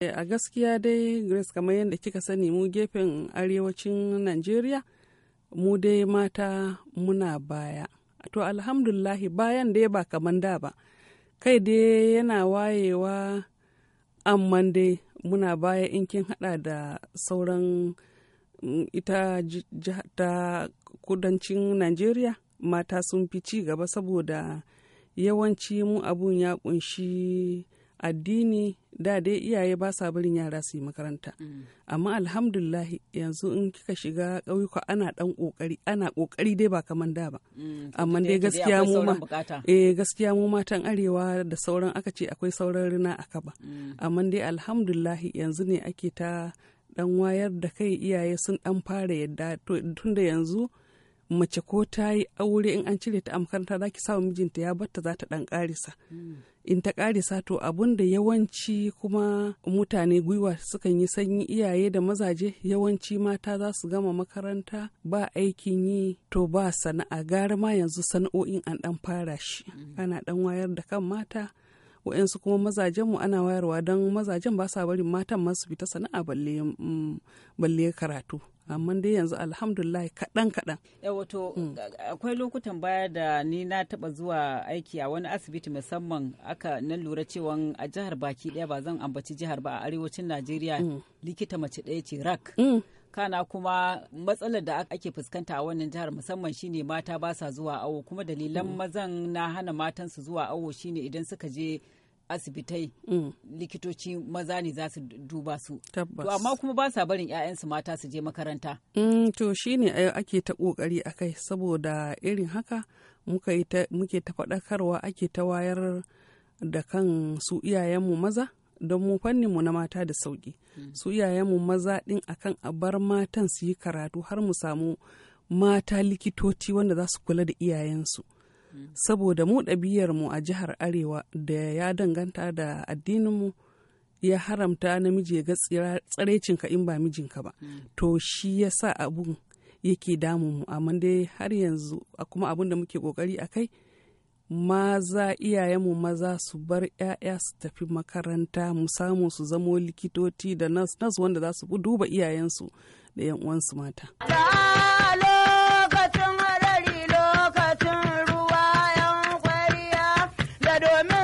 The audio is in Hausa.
Eh, a gaskiya dai grace kamar yadda kika sani mu gefen arewacin najeriya mu dai mata muna baya to alhamdulahi bayan dai ba kamar da ba kai dai yana wayewa amman dai muna baya in kin hada da sauran mm, ita ta kudancin najeriya mata sun fi ci gaba saboda yawanci mu abun ya kunshi addini da dai iyaye ba sa barin yara su yi makaranta amma alhamdulahi yanzu in kika shiga ƙauyuka ana ɗan ƙoƙari ana ƙoƙari dai ba kaman da ba mm, amma dai eh, gaskiya mu ma eh gaskiya mu matan arewa da sauran aka ce akwai sauran rina aka ba mm. amma dai alhamdulahi yanzu ne ake ta dan wayar da kai iyaye sun dan fara yadda tunda yanzu mace ko ta yi aure in an cire ta a makaranta za ki samu mijinta ya batta za ta dan karisa in ta karisa to abun da yawanci kuma mutane gwiwa sukan yi sanyi iyaye da mazaje yawanci mata za su gama makaranta ba aikin yi to ba sana'a gara ma yanzu sana'o'in an dan fara shi ana dan wayar da kan mata wa'yansu kuma mazajenmu ana wayarwa don mazajen ba sa barin matan masu fita sana'a balle mm, karatu amma dai yanzu alhamdulillah kaɗan kaɗan. wato mm. akwai lokutan baya da ni na taɓa zuwa aiki a wani asibiti musamman aka na lura cewa a jihar baki ɗaya ba zan ambaci jihar ba a arewacin najeriya mm. likita mace ɗaya ce rak. Mm. kana kuma matsalar da ake fuskanta a wannan jihar musamman shine mata ba sa zuwa awo kuma dalilan mazan na hana matan su zuwa awo shine idan suka je asibitai mm. likitoci maza ne za su duba su to amma kuma ba sa barin 'ya'yansu mata su je makaranta mm, to shine ake ta kokari akai saboda irin haka muke ta faɗakarwa ake ta wayar da kan su iyayenmu maza don mu fanninmu na mata da sauki mm. su iyayenmu maza ɗin akan a bar matan su yi karatu har mu samu mata likitoci wanda za su kula da iyayensu. saboda mu mu a jihar arewa da ya danganta da addininmu ya haramta namiji ya ga tsiraicinka in ba mijinka ba mm. to shi ya sa abun yake damun mu amma dai har yanzu kuma abun da muke kokari a kai maza iyayenmu maza su bar 'ya'ya su tafi makaranta mu samu su zamo likitoci da nas nas wanda za su duba iyayensu da 'yan uwansu mata. I don't